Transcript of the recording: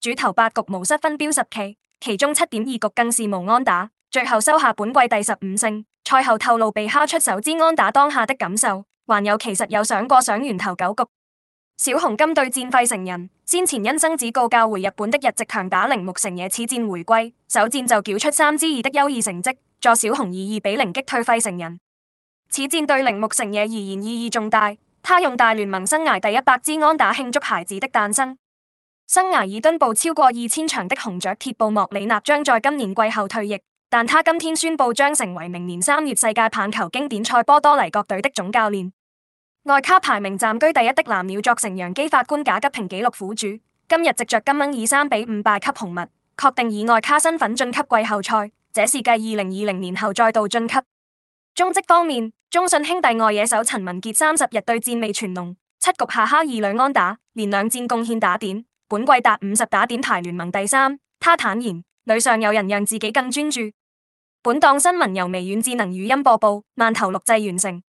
主頭八局模失分，標十期，其中七點二局更是無安打，最後收下本季第十五勝。賽後透露被敲出手支安打當下的感受，還有其實有想過上源頭九局。小紅今對戰費城人，先前因生子告教回日本的日直強打鈴木成野此戰回歸，首戰就繳出三支二的優異成績，助小紅以二,二比零擊退費城人。此戰對鈴木成野而言意義重大，他用大聯盟生涯第一百支安打慶祝孩子的誕生。生涯已蹲捕超過二千場的紅雀鐵捕莫里納將在今年季後退役，但他今天宣布將成為明年三月世界棒球經典賽波多黎各隊的總教練。外卡排名暫居第一的藍鳥作成洋基法官賈吉平紀錄苦主，今日藉着，金鶯以三比五敗給紅襪，確定以外卡身份晉級季後賽，這是繼二零二零年後再度晉級。中職方面，中信兄弟外野手陳文杰三十日對戰味全龍，七局下敲二壘安打，連兩戰貢獻打點。本季達五十打點，台聯盟第三。他坦言，女上有人讓自己更專注。本檔新聞由微軟智能語音播報，慢頭錄製完成。